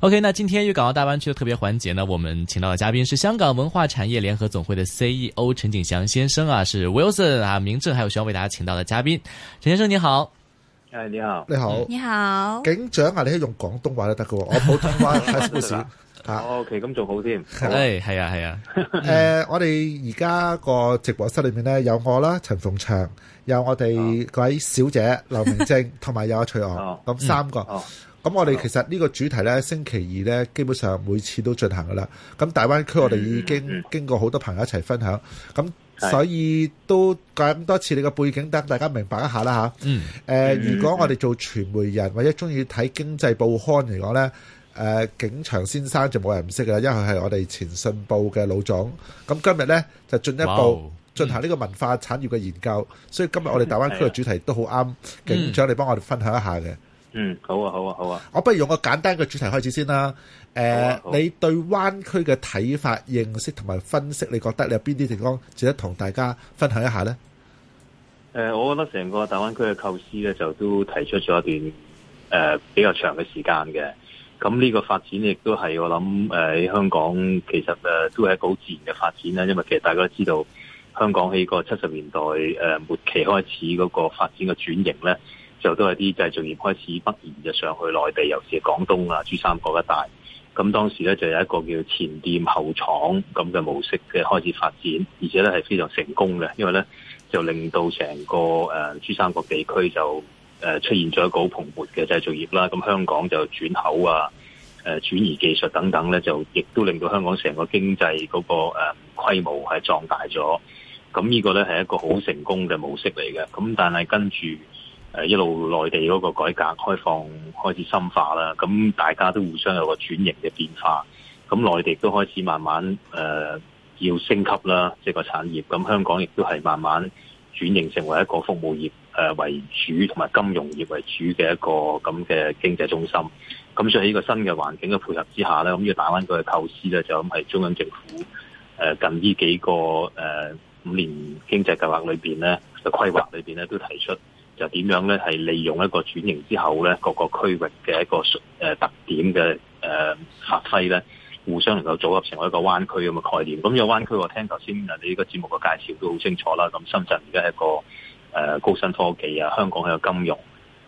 OK，那今天粵港澳大灣區的特別環節呢，我們請到的嘉賓是香港文化產業聯合總會的 CEO 陳景祥先生啊，是 Wilson 啊，明正還有需要為大家請到的嘉賓，陳先生你好，誒你好，你好，你好，景祥啊，你可以用廣東話都得噶，我普通話 太少人，啊 OK，咁仲好添，誒係啊係啊，誒、哎啊啊 呃、我哋而家個直播室裏面呢，有我啦，陳景祥，有我哋嗰位小姐劉 明正，同埋有阿翠娥。咁、 啊、三個。 咁我哋其實呢個主題呢，星期二呢基本上每次都進行噶啦。咁大灣區我哋已經、嗯、經過好多朋友一齊分享，咁所以都講多次你個背景，等大家明白一下啦吓、嗯呃嗯。如果我哋做傳媒人、嗯、或者中意睇經濟報刊嚟講呢，誒、呃，景祥先生就冇人唔識噶，因為佢係我哋前信報嘅老總。咁今日呢，就進一步進行呢個文化產業嘅研究、嗯，所以今日我哋大灣區嘅主題都好啱景祥、嗯，你幫我哋分享一下嘅。嗯，好啊，好啊，好啊！我不如用個簡單嘅主題開始先啦。誒、啊啊呃，你對灣區嘅睇法，認識同埋分析，你覺得你有邊啲地方值得同大家分享一下呢？誒，我覺得成個大灣區嘅構思咧，就都提出咗一段誒比較長嘅時間嘅。咁呢個發展亦都係我諗誒喺香港，其實誒都係一個好自然嘅發展啦。因為其實大家都知道，香港喺個七十年代誒末期開始嗰個發展嘅轉型咧。就都係啲製造業開始北移就上去內地，尤其係廣東啊、珠三角一帶。咁當時咧就有一個叫前店後廠咁嘅模式嘅開始發展，而且咧係非常成功嘅，因為咧就令到成個誒珠三角地區就誒出現咗一個好蓬勃嘅製造業啦。咁香港就轉口啊、誒轉移技術等等咧，就亦都令到香港成個經濟嗰個誒規模係壯大咗。咁呢個咧係一個好成功嘅模式嚟嘅。咁但係跟住。誒一路內地嗰個改革開放開始深化啦，咁大家都互相有個轉型嘅變化。咁內地都開始慢慢誒要升級啦，即係個產業。咁香港亦都係慢慢轉型成為一個服務業誒為主同埋金融業為主嘅一個咁嘅經濟中心。咁所以喺個新嘅環境嘅配合之下咧，咁呢個大灣區嘅構思咧，就咁係中央政府誒近呢幾個誒五年經濟計劃裏面咧嘅規劃裏面咧都提出。就點樣咧？係利用一個轉型之後咧，各個區域嘅一個特點嘅誒發揮咧，互相能夠組合成一個灣區咁嘅概念。咁有灣區，我聽頭先你呢個節目嘅介紹都好清楚啦。咁深圳而家係一個高新科技啊，香港係個金融，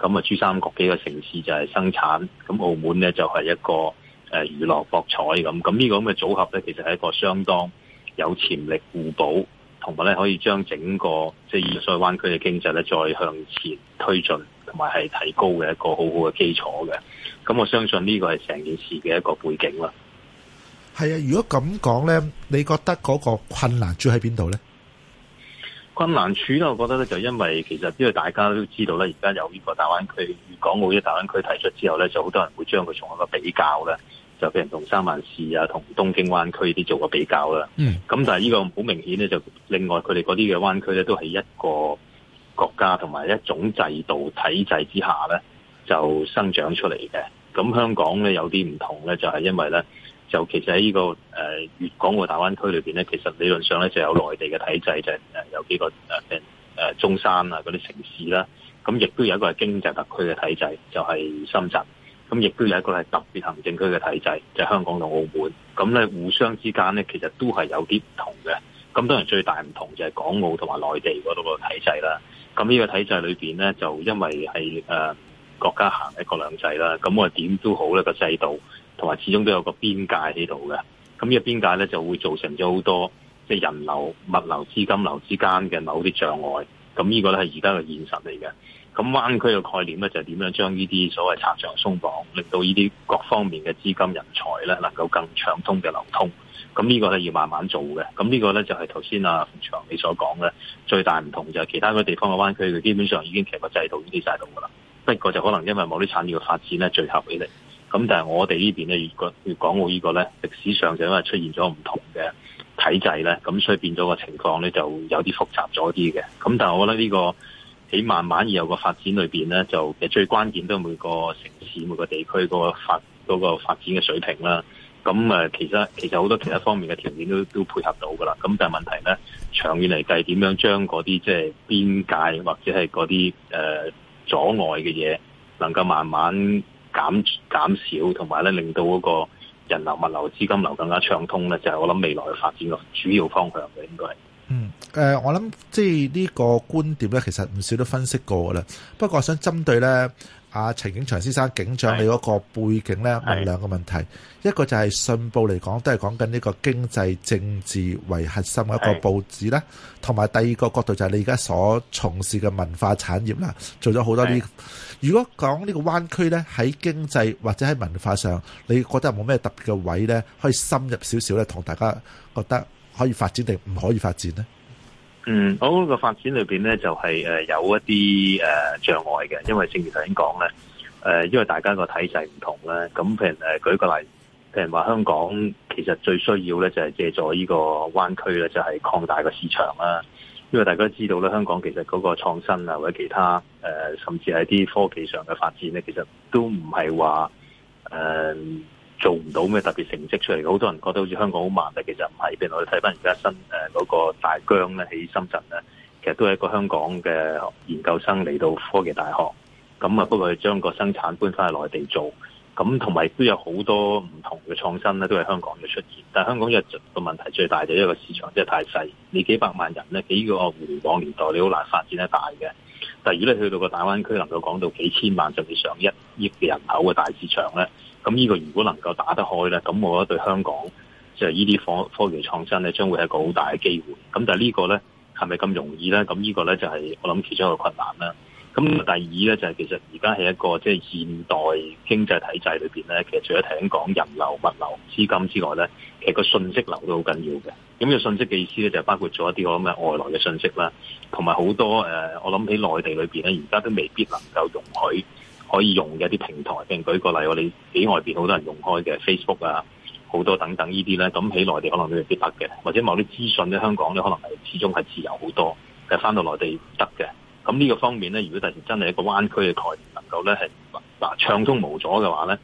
咁啊珠三角幾個城市就係生產，咁澳門咧就係一個娛樂博彩咁。咁呢個咁嘅組合咧，其實係一個相當有潛力互補。同埋咧，可以將整個即係粵港澳大灣區嘅經濟咧，再向前推進，同埋係提高嘅一個好好嘅基礎嘅。咁我相信呢個係成件事嘅一個背景啦。係啊，如果咁講咧，你覺得嗰個困難處喺邊度咧？困難處咧，我覺得咧就因為其實因為大家都知道咧，而家有呢個大灣區、粵港澳嘅大灣區提出之後咧，就好多人會將佢從一個比較咧。就俾人同三萬市啊，同東京灣區啲做個比較啦。咁但係呢個好明顯咧，就另外佢哋嗰啲嘅灣區咧，都係一個國家同埋一種制度體制之下咧，就生長出嚟嘅。咁香港咧有啲唔同咧，就係、是、因為咧，就其實喺呢、這個誒粵、呃、港澳大灣區裏面咧，其實理論上咧就有內地嘅體制，就誒、是、有幾個誒、呃呃、中山啊嗰啲城市啦、啊。咁亦都有一個係經濟特區嘅體制，就係、是、深圳。咁亦都有一個係特別行政區嘅體制，就係、香港同澳門，咁咧互相之間咧，其實都係有啲唔同嘅。咁當然最大唔同就係港澳同埋內地嗰度個體制啦。咁呢個體制裏邊咧，就因為係誒、呃、國家行一國兩制啦，咁我點都好咧、個制度，同埋始終都有個邊界喺度嘅。咁呢個邊界咧就會造成咗好多即、係、人流、物流、資金流之間嘅某啲障礙。咁呢個咧係而家嘅現實嚟嘅。咁灣區嘅概念咧，就係點樣將呢啲所謂拆牆鬆綁，令到呢啲各方面嘅資金人才咧，能夠更暢通嘅流通。咁呢個咧要慢慢做嘅。咁呢個咧就係頭先阿馮長你所講嘅，最大唔同就係其他嗰地方嘅灣區佢基本上已經其實制度已經啲曬到噶啦。不過就可能因為某啲產業嘅發展咧聚合起嚟。咁但係我哋呢邊咧，越講粵港澳呢個咧，歷史上就因為出現咗唔同嘅體制咧，咁所以變咗個情況咧就有啲複雜咗啲嘅。咁但係我覺得呢個。喺慢慢以後個發展裏面咧，就其實最關鍵都係每個城市每個地區個發嗰、嗰個發展嘅水平啦。咁其實其實好多其他方面嘅條件都都配合到噶啦。咁但係問題咧，長遠嚟計點樣將嗰啲即係邊界或者係嗰啲阻礙嘅嘢，能夠慢慢減，減少，同埋咧令到嗰個人流物流資金流更加暢通咧，就係、是、我諗未來的發展嘅主要方向嘅應該係。嗯，誒、呃，我諗即係呢、呢個觀點呢，其實唔少都分析過噶啦。不過想針對呢阿陳、啊、景祥先生警長，你嗰個背景呢，問兩個問題。一個就係信報嚟講，都係講緊呢個經濟政治為核心一個報紙啦。同埋第二個角度就係你而家所從事嘅文化產業啦，做咗好多啲。如果講呢個灣區呢，喺經濟或者喺文化上，你覺得有冇咩特別嘅位呢？可以深入少少呢同大家覺得？可以發展定唔可以發展呢？嗯，我嗰個發展裏邊呢就係誒有一啲誒障礙嘅，因為正如頭先講呢，誒因為大家個體制唔同呢，咁譬如誒舉個例，譬如話香港其實最需要呢就係借助呢個灣區呢，就係擴大個市場啦。因為大家都知道呢，香港其實嗰個創新啊或者其他誒，甚至係啲科技上嘅發展呢，其實都唔係話誒。嗯做唔到咩特別成績出嚟，好多人覺得好似香港好慢，但其實唔係。譬如我哋睇翻而家新誒嗰個大疆咧，喺深圳咧，其實都係一個香港嘅研究生嚟到科技大學，咁啊，不過佢將個生產搬翻去內地做，咁同埋都有好多唔同嘅創新咧，都係香港嘅出現。但香港一個問題最大就係一個市場真係太細，你幾百萬人咧，幾個互聯網年代你好難發展得大嘅。但如果你去到個大灣區能夠講到幾千萬甚至上一億嘅人口嘅大市場咧。咁呢個如果能夠打得開咧，咁我覺得對香港即係呢啲科科技創新咧，將會係一個好大嘅機會。咁但係呢個咧係咪咁容易咧？咁呢個咧就係我諗其中一個困難啦。咁第二咧就係其實而家係一個即係現代經濟體制裏面咧，其實除咗聽講人流、物流、資金之外咧，其實個信息流都好緊要嘅。咁個信息嘅意思咧就係包括咗一啲咁嘅外來嘅信息啦，同埋好多誒，我諗喺內地裏面咧，而家都未必能夠容許。可以用嘅一啲平台，譬如舉個例，我哋喺外邊好多人用開嘅 Facebook 啊，好多等等呢啲咧，咁喺內地可能都未必得嘅，或者某啲資訊咧，香港咧可能係始終係自由好多，但翻到內地唔得嘅。咁呢個方面咧，如果突然真係一個灣區嘅概念能夠咧係嗱暢通無阻嘅話咧，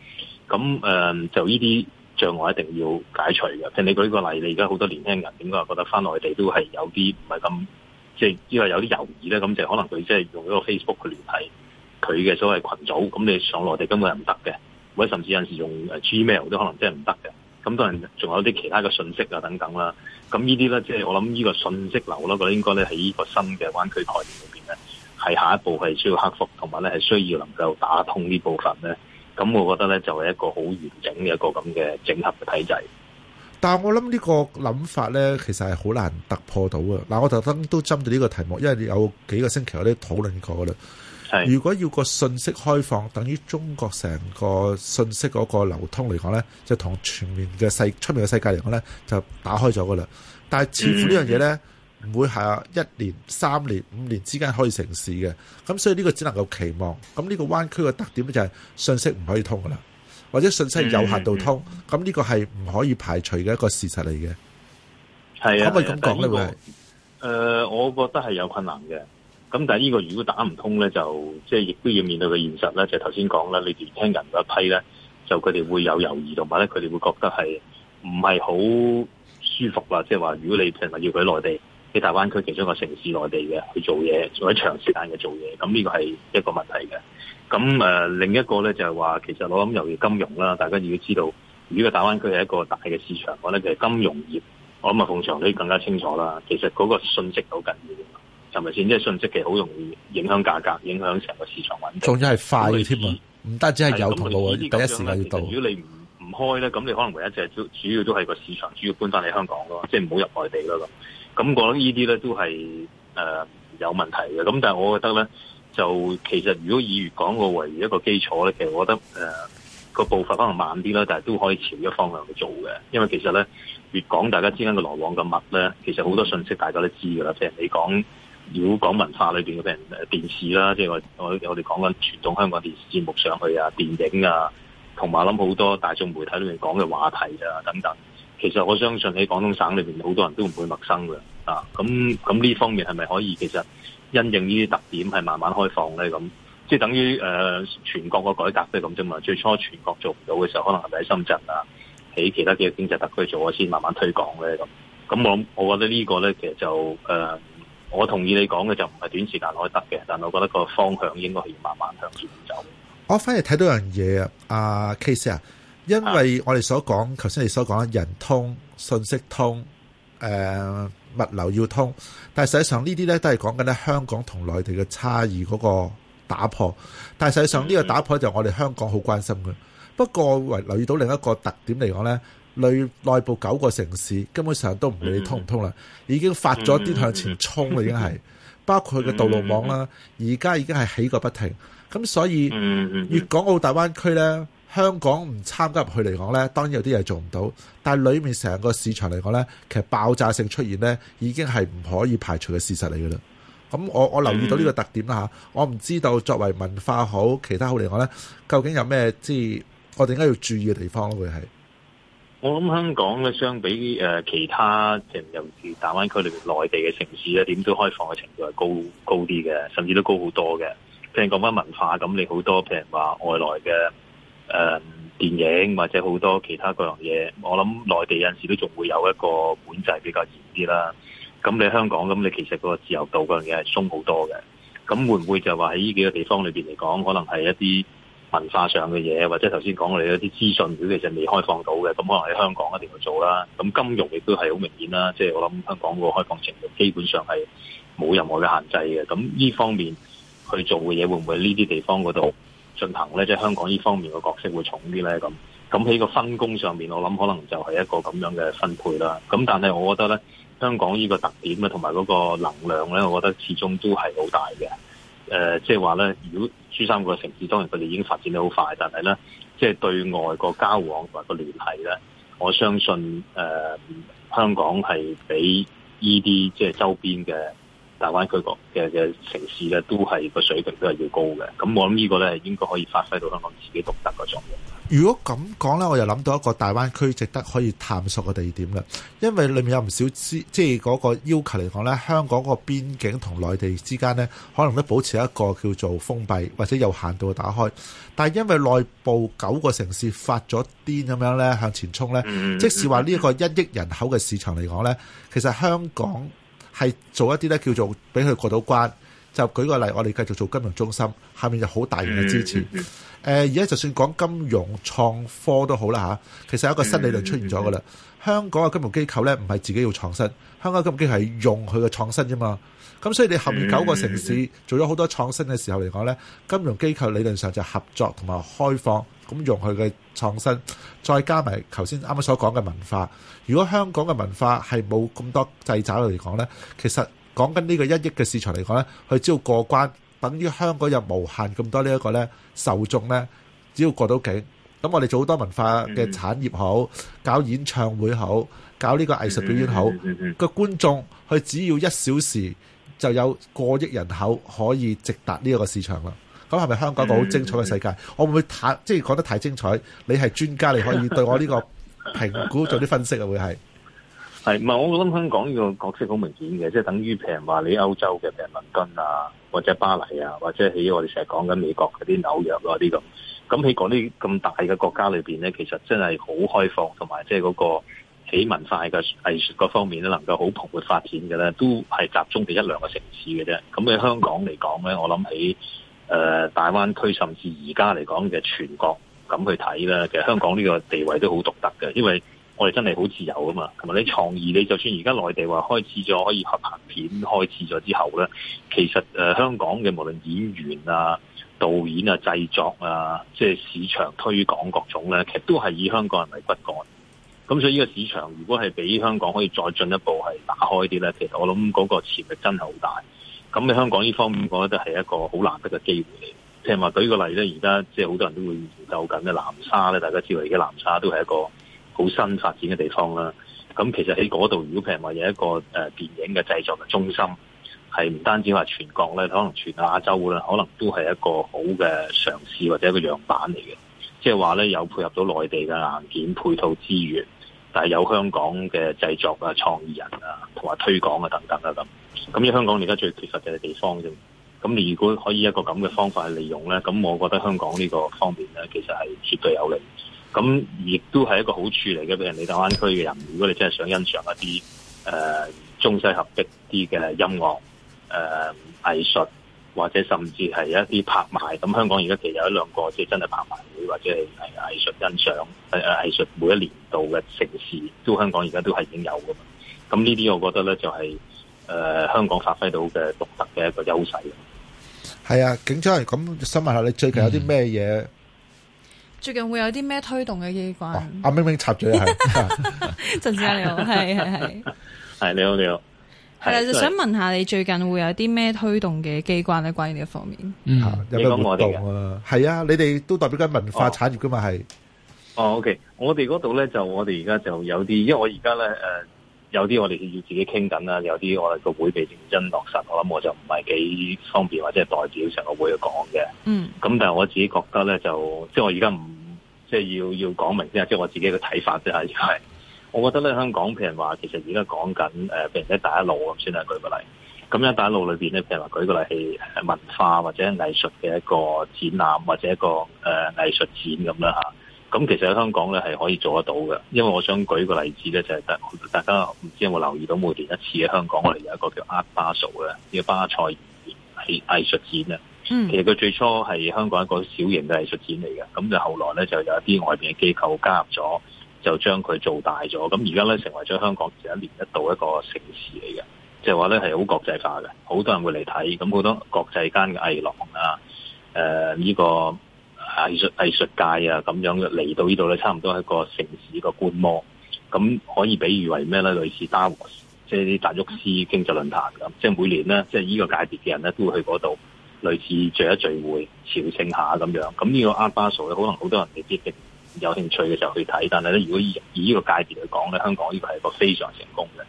咁誒、呃、就呢啲障礙一定要解除嘅。譬如你舉個例，你而家好多年輕人點解覺得翻內地都係有啲唔係咁，即係因為有啲猶豫咧，咁就可能佢即係用一個 Facebook 去聯繫。佢嘅所謂群組咁，你上落地根本係唔得嘅。或者甚至有陣時用 Gmail 都可能真係唔得嘅。咁當然仲有啲其他嘅信息啊，等等啦。咁呢啲咧，即係我諗呢個信息流咯，我覺得應該咧喺呢個新嘅灣區概念裏邊咧，係下一步係需要克服，同埋咧係需要能夠打通呢部分咧。咁我覺得咧就係一個好完整嘅一個咁嘅整合嘅體制。但係我諗呢個諗法咧，其實係好難突破到嘅。嗱，我特登都針對呢個題目，因為有幾個星期我都討論過啦。如果要個信息開放，等於中國成個信息嗰個流通嚟講呢，就同全面嘅世出面嘅世界嚟講呢，就打開咗噶啦。但係似乎呢樣嘢呢，唔、嗯、會係一年、三年、五年之間可以成事嘅。咁所以呢個只能夠期望。咁呢個灣區嘅特點就係信息唔可以通噶啦，或者信息有限度通。咁、嗯、呢、嗯、個係唔可以排除嘅一個事實嚟嘅。係啊，可唔可以咁講呢？誒、這個呃，我覺得係有困難嘅。咁但係呢個如果打唔通咧，就即係亦都要面對嘅現實咧，就頭先講啦，你年輕人嗰一批咧，就佢哋會有猶豫，同埋咧佢哋會覺得係唔係好舒服啦，即係話如果你譬如話要喺內地，喺大灣區其中一個城市內地嘅去做嘢，做喺長時間嘅做嘢，咁呢個係一個問題嘅。咁誒、呃，另一個咧，就係、是、話，其實我諗由於金融啦，大家要知道，如果個大灣區係一個大嘅市場，我咧其實金融業，我諗阿鳳祥你更加清楚啦。其實嗰個信息好緊要。係咪先？即、就、係、是、信息其實好容易影響價格，影響成個市場穩定。仲真係快添喎，唔、啊、單止係有同路啊，第一時間要到。如果你唔唔開咧，咁你可能唯一隻都主要都係個市場主要搬翻嚟香港咯，即係唔好入內地咯咁。咁我諗呢啲咧都係、呃、有問題嘅。咁但係我覺得咧，就其實如果以粵港澳為一個基礎咧，其實我覺得個、呃、步伐可能慢啲啦，但係都可以朝一方向去做嘅。因為其實咧，粵港大家之間嘅來往咁密咧，其實好多信息大家都知㗎啦，譬如你講。如果講文化裏面嘅人，電視啦，即係我我哋講緊傳統香港電視節目上去啊，電影啊，同埋諗好多大眾媒體裏面講嘅話題啊等等，其實我相信喺廣東省裏面好多人都唔會陌生嘅啊。咁咁呢方面係咪可以其實因應呢啲特點係慢慢開放咧？咁即係等於誒、呃、全國個改革都係咁啫嘛。最初全國做唔到嘅時候，可能係咪喺深圳啊，喺其他幾個經濟特區做啊，先慢慢推廣咧咁。咁我我覺得個呢個咧其實就誒。呃我同意你講嘅就唔係短時間可以得嘅，但係我覺得個方向應該係要慢慢向前走。我反而睇到樣嘢啊，Case 啊，因為我哋所講，頭先你所講人通、信息通、誒、呃、物流要通，但係實際上呢啲咧都係講緊咧香港同內地嘅差異嗰個打破，但係實際上呢個打破就我哋香港好關心嘅、嗯。不過留意到另一個特點嚟講咧。內內部九個城市根本上都唔理你通唔通啦，已經發咗啲向前衝啦，已經係包括佢嘅道路網啦，而家已經係起個不停。咁所以，粵港澳大灣區呢，香港唔參加入去嚟講呢，當然有啲嘢做唔到，但係裏面成個市場嚟講呢，其實爆炸性出現呢已經係唔可以排除嘅事實嚟嘅啦。咁我我留意到呢個特點啦嚇，我唔知道作為文化好其他好嚟講呢，究竟有咩即係我哋應該要注意嘅地方咯？會係？我諗香港咧相比其他尤其城市，大灣區裏邊內地嘅城市咧點都開放嘅程度係高高啲嘅，甚至都高好多嘅。譬如講翻文化，咁你好多譬如話外來嘅誒、嗯、電影或者好多其他嗰樣嘢，我諗內地有時都仲會有一個管制比較嚴啲啦。咁你香港咁，你其實個自由度嗰樣嘢係鬆好多嘅。咁會唔會就話喺呢幾個地方裏邊嚟講，可能係一啲？文化上嘅嘢，或者頭先講我哋啲資訊佢其實未開放到嘅，咁可能喺香港一定要做啦。咁金融亦都係好明顯啦，即係我諗香港個開放程度基本上係冇任何嘅限制嘅。咁呢方面去做嘅嘢，會唔會呢啲地方嗰度進行咧？即係香港呢方面嘅角色會重啲咧？咁咁喺個分工上面，我諗可能就係一個咁樣嘅分配啦。咁但係我覺得咧，香港呢個特點啊，同埋嗰個能量咧，我覺得始終都係好大嘅。誒，即係話咧，如果珠三角城市，當然佢哋已經發展得好快，但係咧，即係對外個交往同埋個聯繫咧，我相信誒，香港係比依啲即係周邊嘅。大灣區個嘅嘅城市咧，都係個水平都係要高嘅。咁我諗呢個咧，應該可以發揮到香港自己獨特個作用。如果咁講咧，我又諗到一個大灣區值得可以探索嘅地點啦。因為裏面有唔少資，即係嗰個要求嚟講咧，香港個邊境同內地之間咧，可能都保持一個叫做封閉或者有限度嘅打開。但係因為內部九個城市發咗癲咁樣咧向前衝咧，嗯，即使話呢一個一億人口嘅市場嚟講咧，其實香港。係做一啲咧，叫做俾佢過到關，就舉個例，我哋繼續做金融中心，下面就好大型嘅支持。誒而家就算講金融創科都好啦嚇，其實有一個新理論出現咗噶啦。香港嘅金融機構咧，唔係自己要創新，香港金融機構係用佢嘅創新啫嘛。咁所以你後面九個城市做咗好多創新嘅時候嚟講咧，金融機構理論上就合作同埋開放，咁用佢嘅創新。再加埋頭先啱啱所講嘅文化，如果香港嘅文化係冇咁多掣肘，嚟講呢，其實講緊呢個一億嘅市場嚟講呢，佢只要過關，等於香港有無限咁多呢、呢、一個呢受眾呢，只要過到境，咁我哋做好多文化嘅產業好，搞演唱會好，搞呢個藝術表演好，個觀眾佢只要一小時就有過億人口可以直達呢一個市場啦。咁係咪香港一個好精彩嘅世界？嗯、我唔會，會太即係講得太精彩？你係專家，你可以對我呢個評估 做啲分析啊？會係係，唔係我諗香港呢個角色好明顯嘅，即、就、係、是、等於譬如話你歐洲嘅倫敦，倫敦啊，或者巴黎啊，或者起我哋成日講緊美國嗰啲紐約啲、啊、咁。咁喺嗰啲咁大嘅國家裏邊咧，其實真係好開放，同埋即係嗰個起文化嘅藝術各方面咧，能夠好蓬勃發展嘅咧，都係集中嘅一兩個城市嘅啫。咁喺香港嚟講咧，我諗喺誒、呃，大灣區甚至而家嚟講嘅全國咁去睇咧，其實香港呢個地位都好獨特嘅，因為我哋真係好自由啊嘛，同埋你創意，你就算而家內地話開始咗可以合拍片，開始咗之後咧，其實、呃、香港嘅無論演員啊、導演啊、製作啊，即、就、係、是、市場推廣各種咧，其實都係以香港人為骨幹的。咁所以呢個市場如果係俾香港可以再進一步係打開啲咧，其實我諗嗰個潛力真係好大。咁喺香港呢方面，我覺得係一個好難得嘅機會嚟。譬如話，舉呢個例咧，而家即係好多人都會研究緊嘅南沙咧，大家知道而家南沙都係一個好新發展嘅地方啦。咁其實喺嗰度，如果譬如話有一個誒電影嘅製作嘅中心，係唔單止話全國咧，可能全亞洲啦，可能都係一個好嘅嘗試或者一個樣板嚟嘅。即係話咧，有配合到內地嘅硬件配套資源。但係有香港嘅製作啊、創意人啊、同埋推廣啊等等啊咁，咁而香港而家最缺乏嘅地方啫。咁你如果可以一個咁嘅方法去利用咧，咁我覺得香港呢個方面咧，其實係絕對有利。咁亦都係一個好處嚟嘅，俾人你大灣區嘅人，如果你真係想欣賞一啲誒、呃、中西合璧啲嘅音樂、誒、呃、藝術，或者甚至係一啲拍賣，咁香港而家其實有一兩個即係真係拍賣。或者係藝藝術欣賞，誒、呃、誒，藝術每一年度嘅盛事，都香港而家都係已經有噶嘛。咁呢啲，我覺得咧就係、是、誒、呃、香港發揮到嘅獨特嘅一個優勢。係啊，景祥，咁想問下你最近有啲咩嘢？最近會有啲咩推動嘅機關？阿、啊、明明插嘴係，陣 間是 你好，係係係，係你好你好。係就想問下你最近會有啲咩推動嘅機關咧？關於呢一方面，嗯，有咩活動啊？係啊，你哋都代表緊文化產業噶嘛？係。哦，哦，OK，我哋嗰度咧就我哋而家就有啲，因為我而家咧誒有啲我哋要自己傾緊啦，有啲我哋個會被認真落實。我諗我就唔係幾方便或者代表成個會去講嘅。嗯。咁但係我自己覺得咧就即係我而家唔即係要要講明即係我自己嘅睇法即係。我覺得咧，香港譬如話，其實而家講緊誒，譬如一帶一路咁先係舉個例。咁一帶一路裏面咧，譬如話舉個例係文化或者藝術嘅一個展覽或者一個、呃、藝術展咁啦吓，咁其實喺香港咧係可以做得到嘅，因為我想舉個例子咧，就係、是、大大家唔知有冇留意到每年一次喺香港，我哋有一個叫 Art Basel 叫巴塞爾藝術展啊。其實佢最初係香港一個小型嘅藝術展嚟嘅，咁就後來咧就有一啲外面嘅機構加入咗。就將佢做大咗，咁而家咧成為咗香港有一年一度一個盛事嚟嘅，即係話咧係好國際化嘅，好多人會嚟睇，咁好多國際間嘅藝廊啊、誒、呃、呢、呢個藝術，藝術界啊咁樣嚟到呢度咧，差唔多係一個城市嘅觀摩，咁可以比喻為咩咧？類似 Davos 即係啲達沃斯經濟論壇咁，即係每年咧，即係呢個界別嘅人咧都會去嗰度，類似聚一聚會、朝聖下咁樣，咁呢個 Art Basel 咧，可能好多人未必識。有興趣嘅就去睇，但係咧，如果以呢個界別嚟講咧，香港呢個係一個非常成功嘅。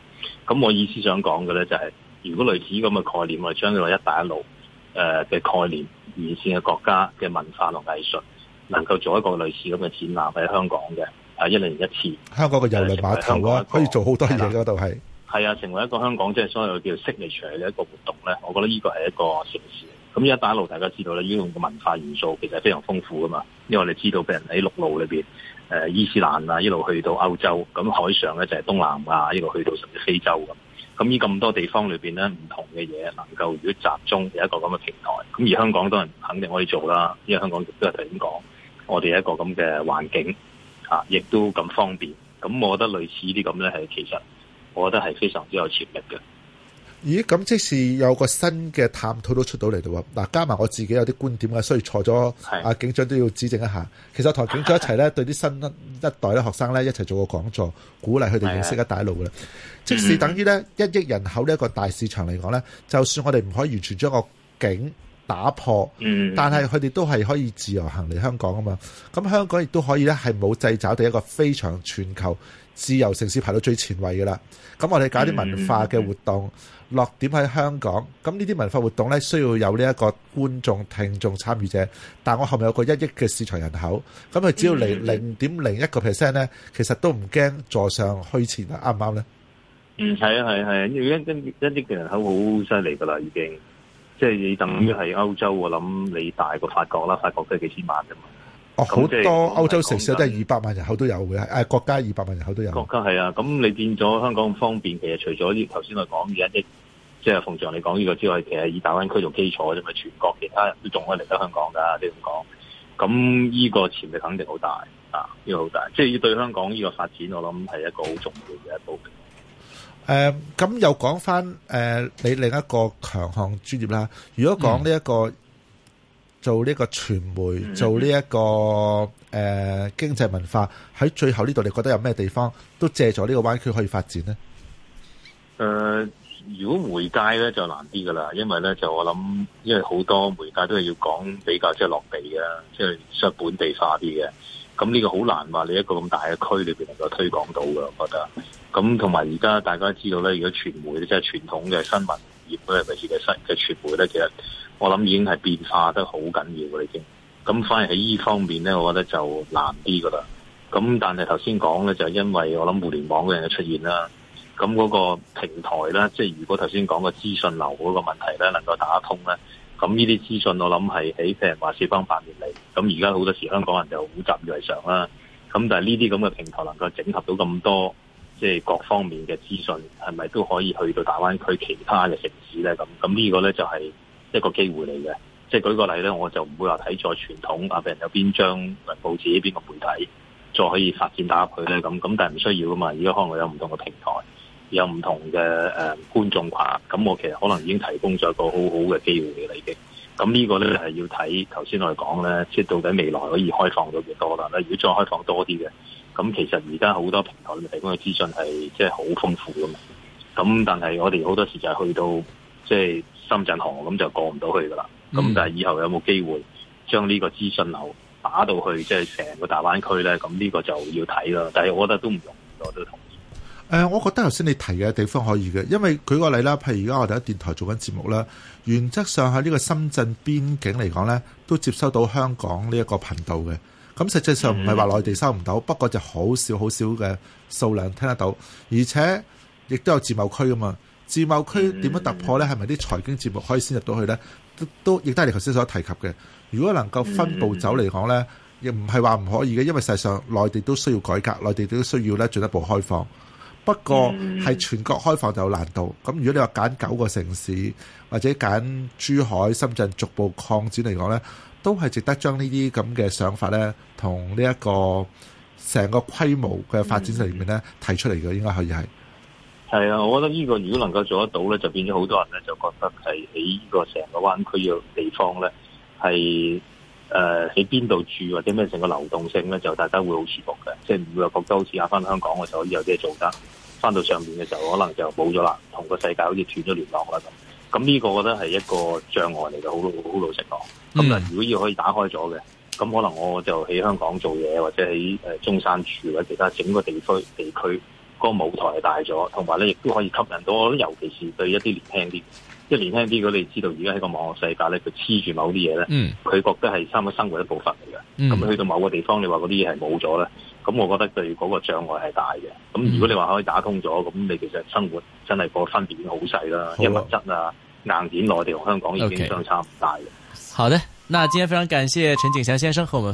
咁我意思想講嘅咧就係、是，如果類似咁嘅概念，我將呢個「一帶一路」誒嘅概念，完善嘅國家嘅文化同藝術，能夠做一個類似咁嘅展覽喺香港嘅，一年一次。香港嘅遊輪碼頭、啊、可以做好多嘢嗰度係。係啊，成為一個香港即係所謂叫 signature 嘅一個活動咧，我覺得呢個係一個城市。咁一帶一路大家知道咧，依嘅文，文化元素其實非常豐富噶嘛。因為你知道，俾人喺陸路裏面，伊斯蘭啊，一路去到歐洲；咁海上咧就係東南亞一路去到甚至非洲咁。咁呢咁多地方裏面咧，唔同嘅嘢能夠如果集中有一個咁嘅平台，咁而香港當然肯定可以做啦。因為香港亦都係頭先講，我哋有一個咁嘅環境啊，亦都咁方便。咁我覺得類似啲咁咧，係其實我覺得係非常之有潛力嘅。咦，咁即使有個新嘅探討都出到嚟到喎。嗱，加埋我自己有啲觀點嘅，所以錯咗，警長都要指正一下。其實同警長一齊呢，對啲新一代嘅學生呢，一齊做個講座，鼓勵佢哋認識一帶一路㗎啦。即使等於呢一億人口呢一個大市場嚟講呢，就算我哋唔可以完全將個境打破，嗯、但係佢哋都係可以自由行嚟香港啊嘛。咁香港亦都可以呢，係冇掣肘，到一個非常全球自由城市排到最前位㗎啦。咁我哋搞啲文化嘅活動。嗯嗯落點喺香港，咁呢啲文化活動咧需要有呢一個觀眾、聽眾參與者。但我後面有個一億嘅市場人口，咁佢只要零零點零一個 percent 咧，其實都唔驚坐上虛前啊？啱唔啱咧？嗯，係啊，係係，一億嘅人口好犀利噶啦，已經，即係你等於係歐洲。我諗你大過法國啦，法國都係幾千萬咋嘛。哦，好多歐洲城市都係二百萬人口都有嘅，誒、哎、國家二百萬人口都有、嗯。國家係啊，咁你變咗香港咁方便，其實除咗呢頭先我講嘅，即係即係鳳象你講呢個之外，其實以大灣區做基礎嘅啫嘛，全國其他人都仲可以嚟到香港㗎，你咁講。咁呢個潛力肯定好大啊，呢個好大，即係要對香港呢個發展，我諗係一個好重要嘅一步。誒，咁又講翻誒你另一個強項專業啦。如果講呢一個。做呢個傳媒，做呢、這、一個誒、呃、經濟文化，喺最後呢度，你覺得有咩地方都借助呢個灣區可以發展呢？誒、呃，如果媒介呢，就難啲㗎喇，因為呢，就我諗，因為好多媒介都係要講比較即係、就是、落地嘅，即、就、係、是、本地化啲嘅，咁呢個好難話你一個咁大嘅區裏面能夠推廣到㗎。我覺得。咁同埋而家大家知道呢，如果傳媒即係、就是、傳統嘅新聞。業咧，尤其是嘅新嘅傳媒咧，其實我諗已經係變化得好緊要嘅已經。咁反而喺依方面咧，我覺得就難啲噶啦。咁但係頭先講咧，就因為我諗互聯網嘅出現啦，咁嗰個平台咧，即係如果頭先講個資訊流嗰個問題咧，能夠打通咧，咁呢啲資訊我諗係喺譬如話四方八面嚟。咁而家好多時香港人就好習以為常啦。咁但係呢啲咁嘅平台能夠整合到咁多。即係各方面嘅資訊，係咪都可以去到大灣區其他嘅城市呢？咁咁呢個呢，就係一個機會嚟嘅。即係舉個例呢，我就唔會話睇再傳統啊，譬如有邊張報紙、邊個媒體再可以發展打入去呢？咁咁但係唔需要噶嘛。而家可能有唔同嘅平台，有唔同嘅誒觀眾群。咁我其實可能已經提供咗一個好好嘅機會嚟嘅。咁呢個呢就係要睇頭先我哋講呢，即係到底未來可以開放到幾多啦？如果再開放多啲嘅。咁其實而家好多平台提供嘅資訊係即係好豐富㗎嘛，咁但係我哋好多時就係去到即係深圳河咁就過唔到去噶啦，咁但係以後有冇機會將呢個資訊流打到去即係成個大灣區咧？咁、這、呢個就要睇啦。但係我覺得都唔容易，我都同意。呃、我覺得頭先你提嘅地方可以嘅，因為舉個例啦，譬如而家我哋喺電台做緊節目啦，原則上喺呢個深圳邊境嚟講咧，都接收到香港呢一個頻道嘅。咁實際上唔係話內地收唔到、嗯，不過就好少好少嘅數量聽得到，而且亦都有自貿區啊嘛。自貿區點樣突破呢？係咪啲財經節目可以先入到去呢？都亦都係你頭先所提及嘅。如果能夠分步走嚟講呢，亦唔係話唔可以嘅，因為實際上內地都需要改革，內地都需要咧進一步開放。不過係全國開放就有難度。咁如果你話揀九個城市或者揀珠海、深圳逐步擴展嚟講呢。都係值得將呢啲咁嘅想法咧，同呢一個成個規模嘅發展上面咧提出嚟嘅，嗯、應該可以係。係啊，我覺得呢個如果能夠做得到咧，就變咗好多人咧就覺得係喺呢個成個灣區嘅地方咧，係誒喺邊度住或者咩成個流動性咧，就大家會好舒服嘅，即係唔會話覺得好似啊翻香港嘅時候可以有啲嘢做得，翻到上面嘅時候可能就冇咗啦，同個世界好似斷咗聯絡啦咁。咁呢個我覺得係一個障礙嚟嘅，好老好老實講。咁啊，如果要可以打開咗嘅，咁可能我就喺香港做嘢，或者喺、呃、中山處或者其他整個地區地區嗰個舞台係大咗，同埋咧亦都可以吸引到我。我尤其是對一啲年輕啲，即係年輕啲，如果你知道而家喺個網絡世界咧，佢黐住某啲嘢咧，佢、嗯、覺得係三個生活一部分嚟嘅。咁、嗯、去到某個地方，你話嗰啲嘢係冇咗咧，咁我覺得對嗰個障礙係大嘅。咁如果你話可以打通咗，咁你其實生活真係個分別好細啦，因為物質啊。硬件，內地同香港已經相差唔大嘅。Okay. 好的，那今天非常感謝陳景祥先生和我們